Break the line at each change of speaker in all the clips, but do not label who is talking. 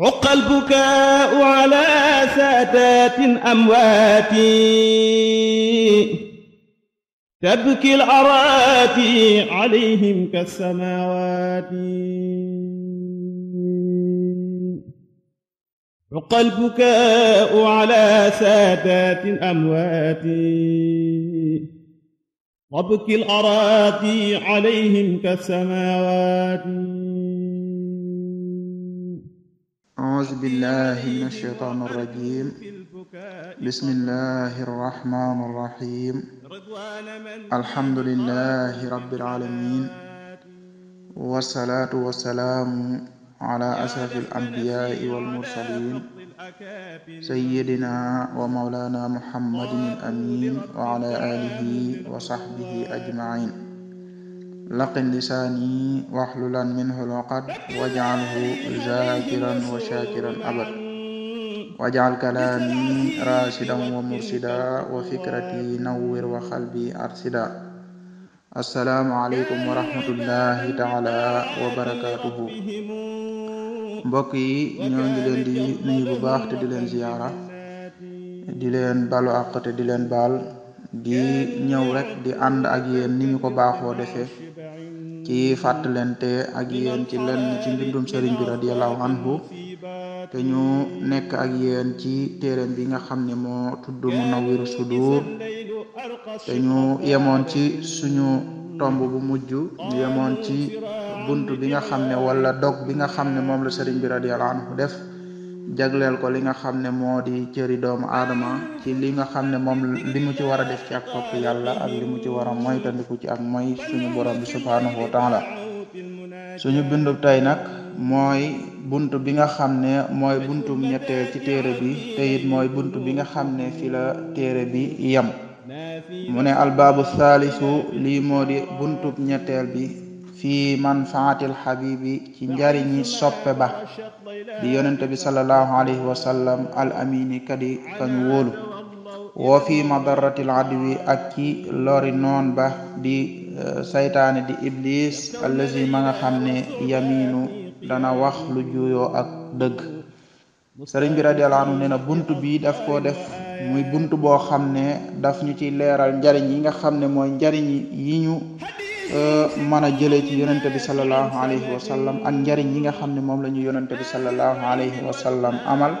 حق البكاء على سادات أمواتي تبكي الأراتي عليهم كالسماوات حق البكاء على سادات أمواتي تبكي الأراتي عليهم كالسماوات أعوذ بالله من الشيطان الرجيم بسم الله الرحمن الرحيم الحمد لله رب العالمين والصلاة والسلام على أشرف الأنبياء والمرسلين سيدنا ومولانا محمد الأمين وعلى آله وصحبه أجمعين laqin lisaani waxlulan minhu loqat wajcalhu zaakiran wa shakiran abad wajcal kalaami raasidan wa mursida wa fikrati nawwir wa xalbi arsida assalaamu aleykum wa rahmatullahi taala wa barakaatuhu mbokk yi ñoo ngi bu baax te di leen ziyaara di leen balu àq te di leen baal di ñëw rek di ànd ak yéen ni ñu ko baaxoo defee ci fàttalente ak yéen ci lenn ci mbindum sëriñ bi radiallahu anhu te ñu nekk ak yéen ci téereem bi nga xam ne moo tudd Munawwirus Sudur te ñu yemoon ci suñu tomb bu mujj ñu yemoon ci bunt bi nga xam ne wala dog bi nga xam ne moom la sëriñ bi radiallahu anhu def jagleel ko li nga xam ne moo di cëri doomu aadama ci li nga xam ne moom li mu ci war a def ci ak topp yàlla ak li mu ci war a moytandiku ci ak mooy suñu borom bi subhaanahu wa la suñu bindub tey nag mooy bunt bi nga xam ne mooy buntum ñetteel ci téere bi te mooy bunt bi nga xam ne fi la téere bi yem mu ne albaabu saalisu lii moo di buntub ñetteel bi fi manfaati alxabibi ci njariñi soppe ba di yonente bi salallahu alayhi wa sallam al amini kadi kañu wóolu woo fi madarati al adwi ak ci lori noon ba di eh, saytaane di iblis allazi ma nga xam ne yaminu dana wax lu juyoo ak dëgg sëriñ bi radiyallahu anhu nee bunt bi daf koo def muy bunt boo xam ne daf ñu ci leeral njariñ yi nga xam ne mooy njariñ yi ñu Euh, mën a jëlee ci yonente bi salallahu alayhi wa sallam ak njariñ yi nga xam ne moom la ñu yonente bi salallahu alayhi wa sallam amal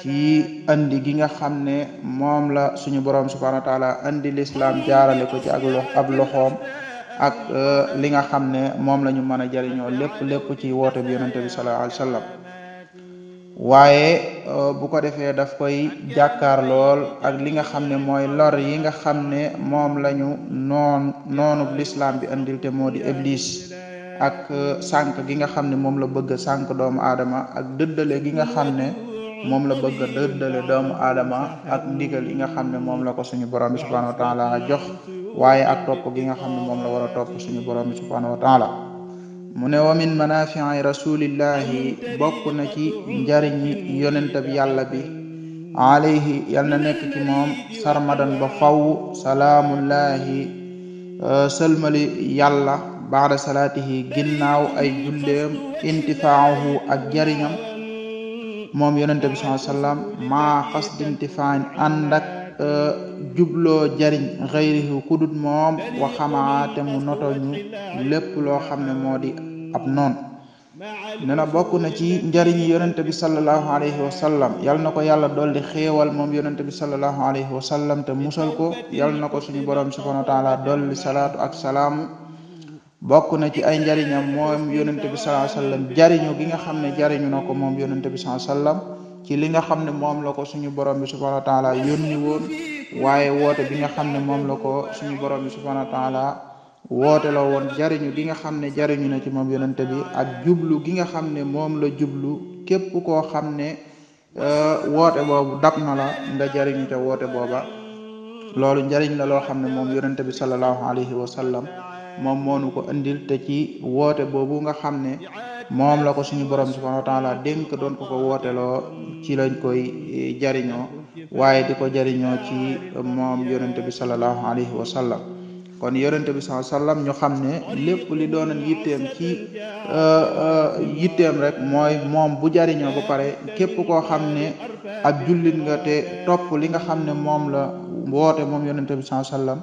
ci andi gi nga xam ne moom la suñu borom subhanahu wa taala andi lislaam jaarale ko ci ak ab loxoom ak euh, li nga xam ne moom la ñu mën a jëriñoo lépp lépp ci woote bi yonente bi salallahu alayhi wa waaye euh, bu ko defee daf koy jàkkaar lool ak li nga xam ne mooy lor yi nga xam ne moom la ñu noon noonub lislaam bi andil te moo di iblis ak euh, sànq gi nga xam ne moom la bëgg sànq doomu aadama ak dëddale gi nga xam ne moom la bëgg a dëddale doomu aadama ak ndigal yi nga xam ne moom la ko suñu borom bi subhanahu wa jox waaye ak topp gi nga xam ne moom la war a topp suñu borom bi subhanahu wa taala mu ne wa min manaafi'i rasulillahi bokk na ci njariñi yonentab yàlla bi alayhi yal na nekk ci moom sarmadan ba faw salaamullahi euh, sëlmali yàlla baada salaatihi ginnaaw ay julleem intifaahu ak jariñam moom yonente bi sallallahu maa xas dintifaan jubloo jariñ xayrihi kudut moom wa xamaa te mu notoñu lépp loo xam ne moo di ab noon ne na bokk na ci njariñ yonente bi sallallahu alayhi wa sallam yal na ko yàlla dolli xéewal moom yonente bi sallallahu alayhi wa sallam te musal ko yal na ko suñu borom subhanahu wa taala dolli salaatu ak salaamu na ci ay njariñam moom yonente bi sallallahu alayhi wa sallam jariñu gi nga xam ne jariñu na ko moom yonente bi sallallahu alayhi ci li nga xam ne moom la suñu borom bi subhanahu wa woon waaye woote bi nga xam ne moom la ko suñu borom bi subhanahu wa taala woote la woon jariñu gi nga xam ne jariñu na ci moom yonente bi ak jublu gi nga xam ne moom la jublu képp koo xam ne euh, woote boobu dab na la nga jariñu woote booba loolu njariñ la loo xam ne moom yonente bi sallallahu alayhi wa sallam moom moonu ko indil te ci woote boobu nga xam ne moom la ko suñu borom subhanahu wa taala dénk doon ko ko wooteloo ci lañ koy eh, jariñoo waaye di ko jariñoo ci moom yonente bi salallahu alayhi wa sallam kon yonente bi salallahu sallam ñu xam ne lépp li doonan yitteem ci euh, euh, yitteem rek mooy moom bu jariñoo ba pare képp koo xam ne ab jullit nga te topp li nga xam ne moom la woote moom yonente bi salallahu sallam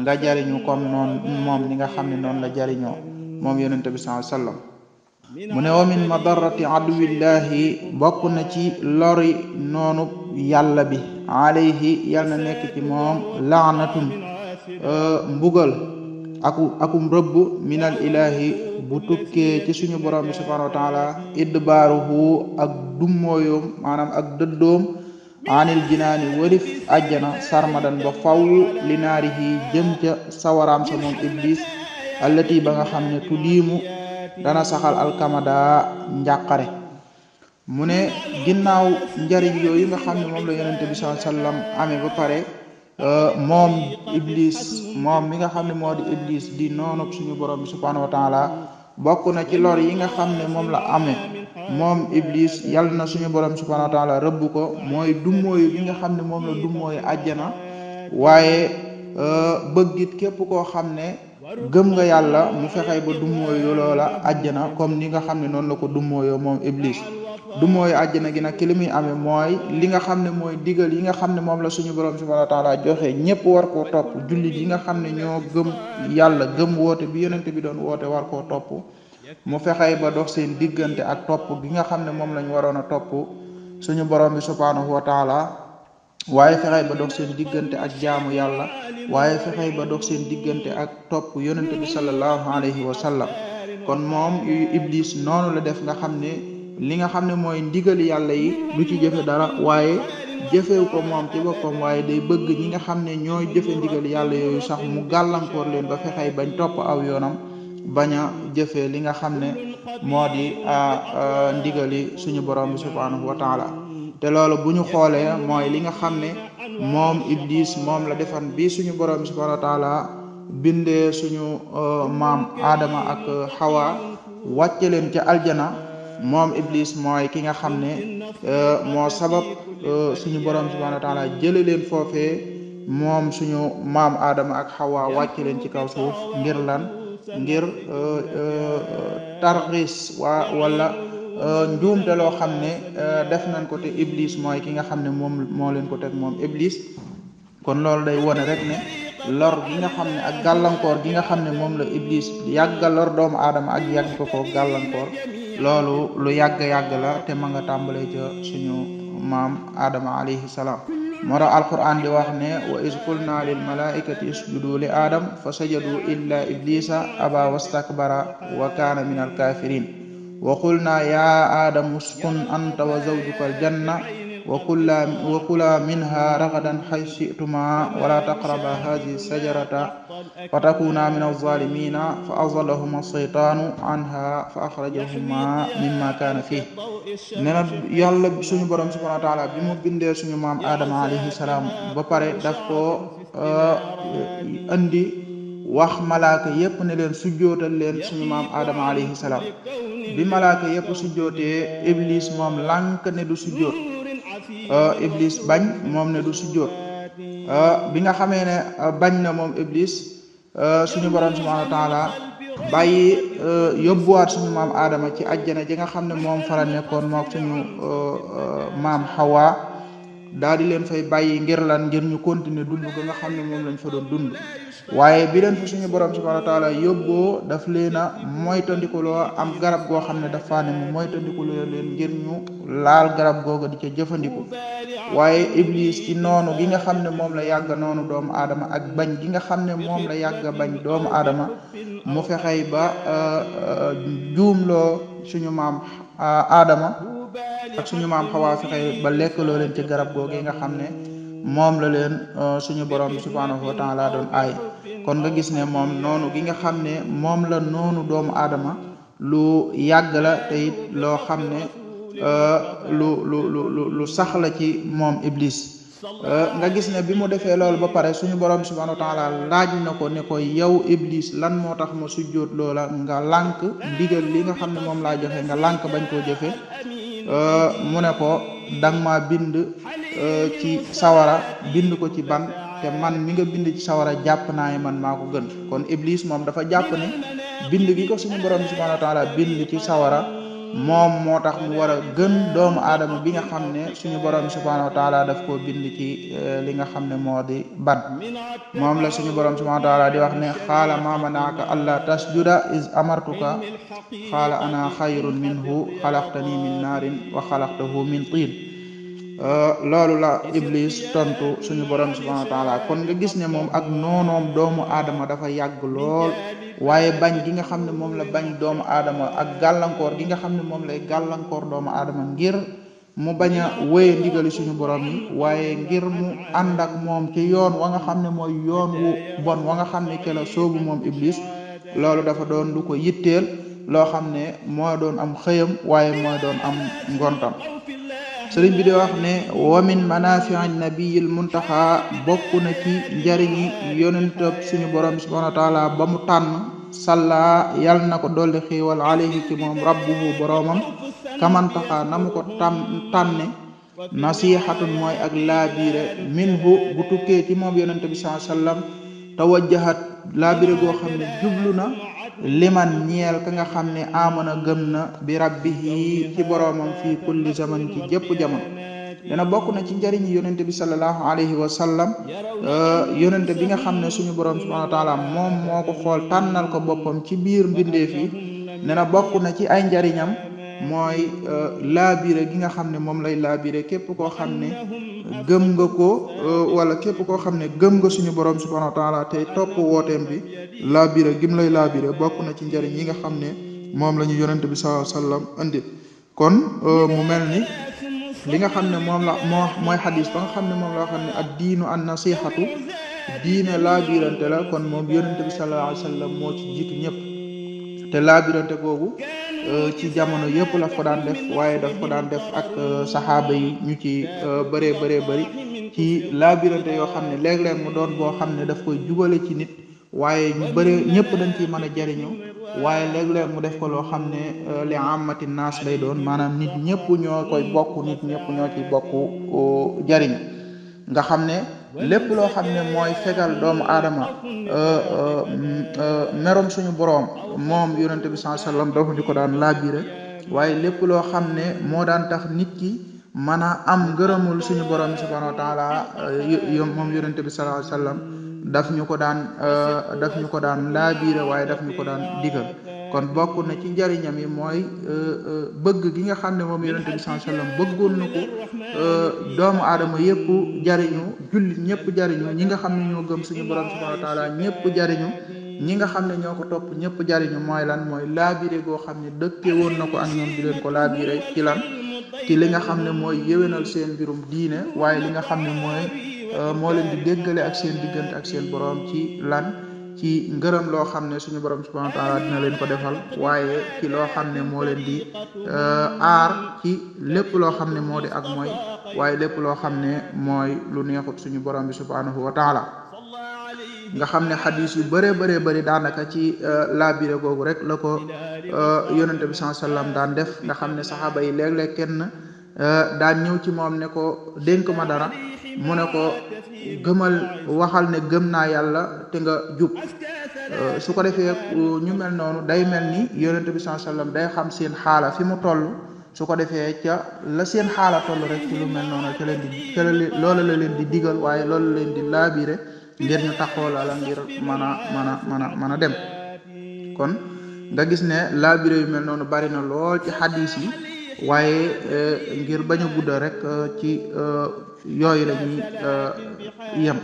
nga jariñu comme noonu moom li nga xam ne noonu la jariñoo moom yonente bi salallahu sallam mu ne wa min madarati aduwillaahi bokk na ci lori noonu yàlla bi alayhi yàlla na nekk ci moom laanatum euh, mbugal aku akum rëbb minal ilaahi bu tukkee ci suñu borom bi subhaanahu wa taala idbaaruhu ak dummóoyoom maanaam ak dëddoom anil jinaani warif ajjana sarmadan ba faw linaarihi jëm ca sawaraam sa moom iblis allati ba nga xam ne tuddiimu dana saxal alkamada njàqare mu ne ginnaaw njariñ yooyu nga xam ne moom la yeneen bi sallallahu alayhi amee ba pare euh, moom iblis moom mi nga xam ne moo di iblis di noonu suñu borom bi subhanahu wa taala bokk na ci lor yi nga xam ne moom la amee moom iblis yàlla na suñu borom subhanahu wa rëbb ko mooy dummóoyu bi nga xam ne moom la dummóoyu àjjana waaye euh, bëggit képp koo xam ne gëm nga yàlla mu fexey ba dummóoyu loola ajjana comme ni nga xam ne noonu la ko dummóoyoo moom iblis dummóoyu àjjana gi nag ki li muy mooy li nga xam ne mooy digal yi nga xam ne moom la suñu borom subhanahu wa taala joxe ñëpp war koo topp jullit yi nga xam ne ñoo gëm yàlla gëm woote bi yonente bi doon woote war koo topp mu fexey ba dox diggante ak topp gi nga xam ne moom lañ waroon a topp suñu borom waaye fexey ba dox seen diggante ak jaamu yàlla waaye fexey ba dox seen diggante ak topp yonent bi sallallahu alayhi wa sallam kon moom iblis noonu la def nga xam ne li nga xam ne mooy ndigal yàlla yi du ci jëfe dara waaye jëfewu ko moom ci boppam waaye day bëgg ñi nga xam ne ñooy jëfe ndigal yàlla yooyu sax mu gàllankoor leen ba fexey bañ topp aw yoonam bañ a jëfee li nga xam ne moo di ah, ah, ndigali suñu borom bi subhanahu wa taala te loolu bu ñu xoolee mooy li nga xam ne moom iblis moom la defan bi suñu borom bi subhanahu wa taala bindee suñu euh, maam Adama ak Hawa wàcce leen ca aljana moom iblis mooy ki nga xam ne euh, moo sabab euh, suñu borom bi subhanahu wa taala jële leen foofee moom suñu maam Adama ak Hawa wàcce leen ci kaw suuf ngir lan ngir tarxiis wala Euh, njuumte loo xam ne euh, def nañ ko te iblis mooy ki nga xam ne moom moo leen ko teg moom iblis kon loolu day wone rek ne lor gi nga xam ne ak gàllankoor gi nga xam ne moom la iblis yàgga lor doomu aadama ak yàgg ko ko gàllankoor loolu lu yàgg-yàgg la te ma nga tàmbalee ca suñu maam adama alayhi salaam moo tax alquran di wax ne wa iz qulna lil malaikati isjudu li aadam fa sajadu illa iblisa aba wastakbara wa kaana min alkafirin wa qulna ya adamu uskun anta wa zawjuka aljanna wa kula wa kula minha ragadan haythu shi'tuma wa la taqraba hadhihi shajarata fa takuna min adh-dhalimina fa azallahuma ash-shaytanu anha fa akhrajahuma mimma kana fihi nee na yàlla suñu borom subhanahu wa ta'ala bi mu bindee suñu maam Adama alayhi salaam ba pare daf ko andi euh, wax malaaka yépp ne leen sujjootal leen suñu maam aadama alayhi salaam bi malaaka yépp sujjootee iblis moom lànk ne du sujjoot euh, iblis bañ moom ne du sujjoot euh, bi nga xamee ne euh, bañ na moom iblis suñu borom subhanahu wa taala bàyyi yóbbuwaat suñu maam aadama ci àjjana ji nga xam ne moom fara nekkoon mook suñu maam xawaa daal di leen fay bàyyi ngir lan ngir ñu continuer dund ba nga xam ne moom lañu fa doon dund waaye bi leen suñu borom subhaana wa taala yóbboo daf leen a moytandikuloo am garab goo xam ne dafa ne mu moytandikuloo leen ngir ñu laal garab googa di ca jëfandiku waaye iblis ci noonu gi nga xam ne moom la yàgg noonu doomu aadama ak bañ gi nga xam ne moom la yàgg bañ doomu aadama mu fexey ba euh, euh, loo suñu maam aadama euh, ak suñu maam xawaa fexe ba lekkaloo leen ci garab googu nga xam ne moom la leen euh, suñu borom bi subhaanahu wa doon aay kon nga gis ne moom noonu gi nga xam ne moom la noonu doomu aadama lu yàgg la te loo xam ne euh, lu lu sax la ci moom iblis euh, nga gis ne bi mu defee loolu ba pare suñu borom bi subhaanahu wa taala laaj na ko ne ko yow iblis lan moo tax ma sujjóot loola nga lànk ndigal li nga xam ne moom laa joxe nga lànk bañ koo jëfe Euh, mu ne ko dang ma bind euh, ci sawara bind ko ci ban te man mi nga bind ci sawara jàpp naa man maa ko gën kon iblis moom dafa jàpp ne bind gi ko suñu borom bi subhanahu wa taala bind ci sawara moom moo tax mu war a gën doomu aadama bi nga xam ne suñu borom subhaanahu wa taala daf koo bind ci euh, li nga xam ne moo di ban moom la suñu borom subhaanahu wa taala di wax ne xaala ma manaaka allah tasjuda is amartuka xaala ana xayrun minhu xalaqtani min naarin wa xalaqtahu min tiin euh, loolu la iblis tontu suñu borom subhaanahu wa taala kon nga gis ne moom ak noonoom doomu aadama dafa yàgg lool waaye bañ gi nga xam ne moom la bañ doomu aadama ak gàllankoor gi nga xam ne moom lay gàllankoor doomu aadama ngir mu bañ a wéye ndigali suñu borom yi waaye ngir mu ànd ak moom ci yoon wa nga xam ne mooy yoon wu bon wa nga xam ne ke la soobu moom iblis loolu dafa doon lu ko yitteel loo xam ne moo doon am xëyam waaye mooy doon am ngontam sëriñ bi di wax ne wa min manafi'i nabiyil muntaha bokk na ci njariñi yonentab suñu borom bi subhanahu ba mu tànn salla yal na ko dolli xiiwal alayhi ci moom rabbuhu boroomam kamantaxaa na mu ko tam tànne nasihatun mooy ak laabiire minhu bu tukkee ci moom yonente bi sallallahu alayhi wa laa goo xam ne jublu na liman ñeel ka nga xam ne amoon na gëm na bi rabbihi ci boroomam fii kulli zaman ci jëpp jamono dana bokk na ci njariñ yonente bi sallallahu alayhi wa sallam euh, yonente bi nga xam ne suñu borom subhanahu wa moom moo ko xool tànnal ko boppam ci biir mbindeef yi dana bokk na ci ay njariñam mooy euh, laabire gi nga xam ne moom lay laabire képp koo xam ne gëm nga ko euh, wala képp koo xam ne gëm nga suñu borom subhanahu wa taala tey topp wooteem bi laabire gim lay laabire bokk na ci njariñ yi nga xam ne moom la ñu yonent bi sallallahu alayhi wasallam indi kon euh, mu mel ni li nga xam ne moom la moo mooy xadis ba nga xam ne moom la xam ne ak diinu an nasihatu diine laabirante la kon moom yonent bi sallallahu alayhi moo ci jiitu ñëpp te laabirante googu Euh, ci jamono yëpp la ko daan def waaye daf ko daan def ak euh, saxaaba yi ñu ci euh, bëree bëree bëri ci laabirante yoo xam ne léeg-léeg mu doon boo xam ne daf koy jubale ci nit waaye ñu bëree ñëpp dañ ci mën a jariñu waaye léeg-léeg mu def ko loo xam ne li amati naas lay doon maanaam nit ñëpp ñoo koy bokk nit ñëpp ñoo ciy bokk jariñu nga xam ne lépp loo xam ne mooy fegal doomu aadama euh, euh, mm, euh, merom suñu boroom moom yonente bi saa sallam dafa ñu ko daan laabire waaye lépp loo xam ne moo daan tax nit ki mën a am ngërëmul suñu boroom bi subhaanahu wa moom yonente bi saa sallam daf ñu ko daan daf ñu ko daan laabire waaye daf ñu ko daan digal kon bokk na ci njariñam yi mooy euh, euh, bëgg gi nga xam ne moom yonente bi sallallahu alayhi bëggoon na ko euh, doomu aadama yëpp jariñu jullit ñëpp jariñu ñi nga xam ne ñoo suñu borom subhanahu ñëpp jariñu ñi nga xam ne ñoo ko topp ñëpp jariñu mooy lan mooy laabire goo xam ne dëkke woon na ko ak ñoom di leen ko laabire ci lan ci li nga xam ne mooy yéwénal seen mbirum diine waaye li nga xam ne mooy moo leen di déggale ak seen diggante ak seen boroom ci lan ci ngërëm loo xam ne suñu borom subhanahu wa taala leen ko defal waaye ci loo xam ne moo leen di euh, aar ci lépp loo xam ne moo di ak mooy waaye lépp loo xam ne mooy lu neexut suñu borom bi subhanahu wa taala nga xam ne xadis yu bëree bëree bëri daanaka ci euh, laabire googu rek la ko euh, yonente bi sallallahu alayhi wasallam daan def nga xam ne saxaaba yi léeg-léeg kenn daan ñëw ci moom ne ko dénk ma dara mu ne ko gëmal waxal ne gëm naa yàlla te nga jub euh, su ko defee euh, ñu mel noonu day mel ni yonent bi sallallahu alayhi day xam seen xaala fi mu toll su ko defee ca la seen xaala toll rek ci lu mel noonu ca leen di loola la leen di digal waaye loola leen di laabire ngir ñu taxoo loola ngir mën a mën mën a dem kon nga gis ne laabire yu mel noonu bari na lool ci xadis yi waaye eh, ngir bañ a rek eh, ci eh, yooyu la ñuy yem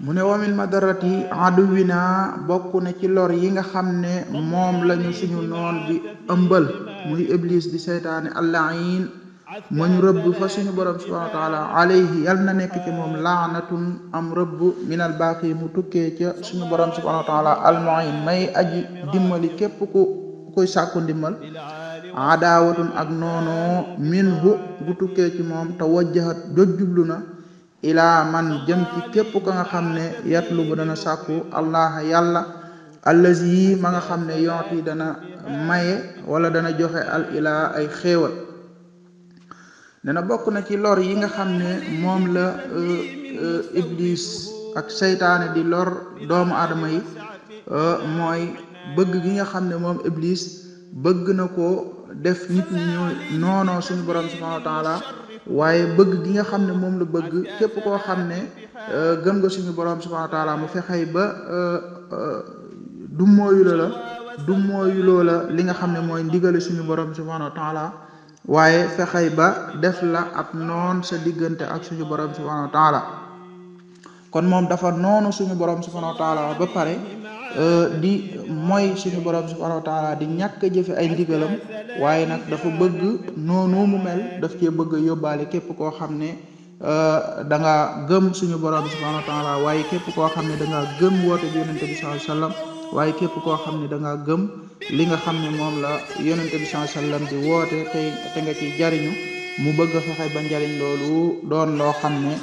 mu ne wamin madarati aduwina bokk na ci lor yi nga xam ne moom lañu suñu noon bi ëmbal muy iblis di seytaane allahin mañ rëbb fa suñu borom subhanahu wa taala alayhi na nekk ci moom laanatun am rëbb minal baaqi mu tukkee ca suñu borom subhanahu wa taala almuin may aji dimbali képp ku koy sàkku ndimbal adaawatun ak noonoo min hu gu tukkee ci moom te wajjahat jojjublu na ilaa man jëm ci képp ka nga xam ne yatlubu dana sàkku allah yàlla allazi yi ma nga xam ne yonti dana maye wala dana joxe al ilaa ay xéewal dana bokk na ci lor yi nga xam ne moom la euh, euh, iblis ak seytaane di lor doomu aadama yi euh, mooy bëgg gi nga xam ne moom iblis bëgg na ko def nit ñi noonoo suñu borom subhanahu wa waaye bëgg gi nga xam ne moom la bëgg képp koo xam ne euh, gën nga suñu borom subhanahu wa mu fexey ba euh, euh, du mooyu la la du mooyu la li nga xam ne mooy ndigale suñu borom subhanahu wa taala waaye fexeey ba def la ab noon sa diggante ak suñu borom subhanahu wa kon moom dafa noonu suñu borom subhanahu wa taala ba pare euh, di mooy suñu borom subhanahu wa taala di ñàkk jëfe ay ndigalam waaye nag dafa bëgg noonu mu mel daf cee bëgg a yóbbaale képp koo xam ne euh, da nga gëm suñu borom subhanahu waaye képp koo xam ne da gëm woote bi yonente bi sallallahu alayhi waaye képp koo xam ne danga gëm li nga xam ne moom la yonente bi sallallahu alayhi wasallam woote te te nga ciy jariñu mu bëgg a fexe ba njariñ loolu doon loo xam ne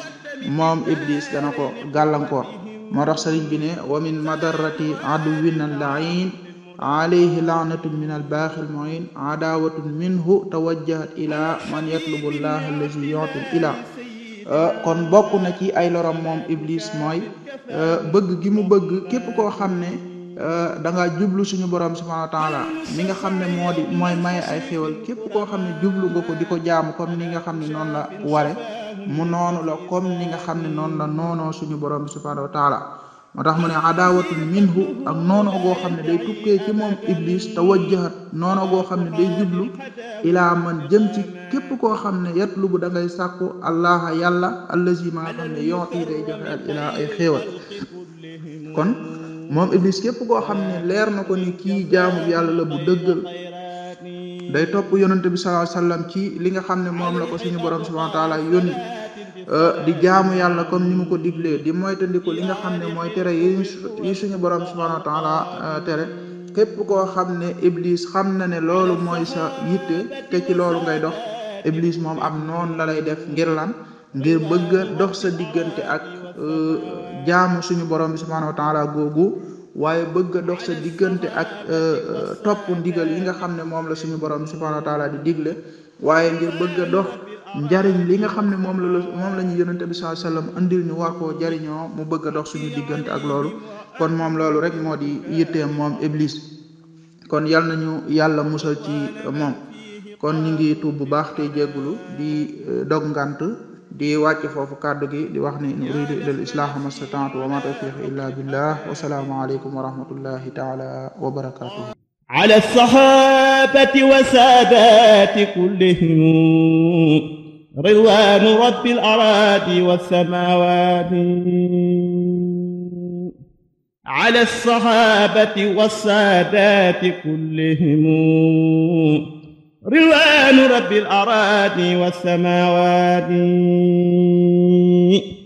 moom iblis dana ko gàllankoor moo tax sëriñ bi ne wa min madarrati aduwin allain alayhi laanatun min albaaxi almuin adawatun minhu tawajjahat ila man yatlubu llah allazi yuti ila kon bokk na ci ay lorom moom iblis mooy bëgg gi mu bëgg képp koo xam ne da nga jublu suñu borom subhanahu wa taala mi nga xam ne moo di mooy maye ay xéewal képp koo xam ne jublu nga ko di ko jaamu comme ni nga xam ne noonu la ware mu noonu la comme ni nga xam ne noonu la noonoo suñu borom bi subhaanahu wa taala moo tax mu ne adaawatun minhu ak noonu goo xam ne day tukkee ci moom iblis tawajjahat noonu goo xam ne day jublu ilaa man jëm ci képp koo xam ne yatlubu da ngay sàkku allaha yàlla allazi ma xam ne yooti day joxe al ilaa ay xéewal kon moom iblis képp koo xam ne leer na ko ni kii jaamu yàlla la bu dëggal day topp yonante bi sa alayhi wasallam ci li nga xam ne moom la ko suñu borom subhanahu wa taala yónni euh, di jaamu yàlla comme ni mu ko diglee di moytandiku li nga xam ne mooy tere yi suñu borom subhanahu wa taala euh, tere képp koo xam ne iblis xam na ne loolu mooy sa yitte te ci loolu ngay dox iblis moom am noonu la lay def ngir lan ngir bëgg dox sa diggante ak euh, jaamu suñu borom bi subhanahu wa taala googu waaye bëgg a dox sa diggante ak euh, euh, topp ndigal yi nga xam ne moom la suñu borom subhanahu wa taala di digle waaye ngir bëgg a dox njariñ li nga xam ne moom la moom la ñu yonente bi sallallahu alayhi wasallam andil ñu war koo jariñoo mu bëgg a dox suñu diggante ak loolu kon moom loolu rek moo di yitteem moom iblis kon yal nañu yàlla musal ci moom kon ñu ngi tuub bu baax tey jéggulu di euh, dog ngant di wàcc foofu kàddu gi di wax ni in uridu illa al islaaha mastata'tu wa ma tawfiqi illa billah wa salaamu alaykum wa rahmatullahi taala wa barakatuh ala sahabati wa saadati kullihim ridwanu rabbil aradi wassamawati ala sahabati wa saadati kullihim ridwaanu rabbil araadi was samaawaati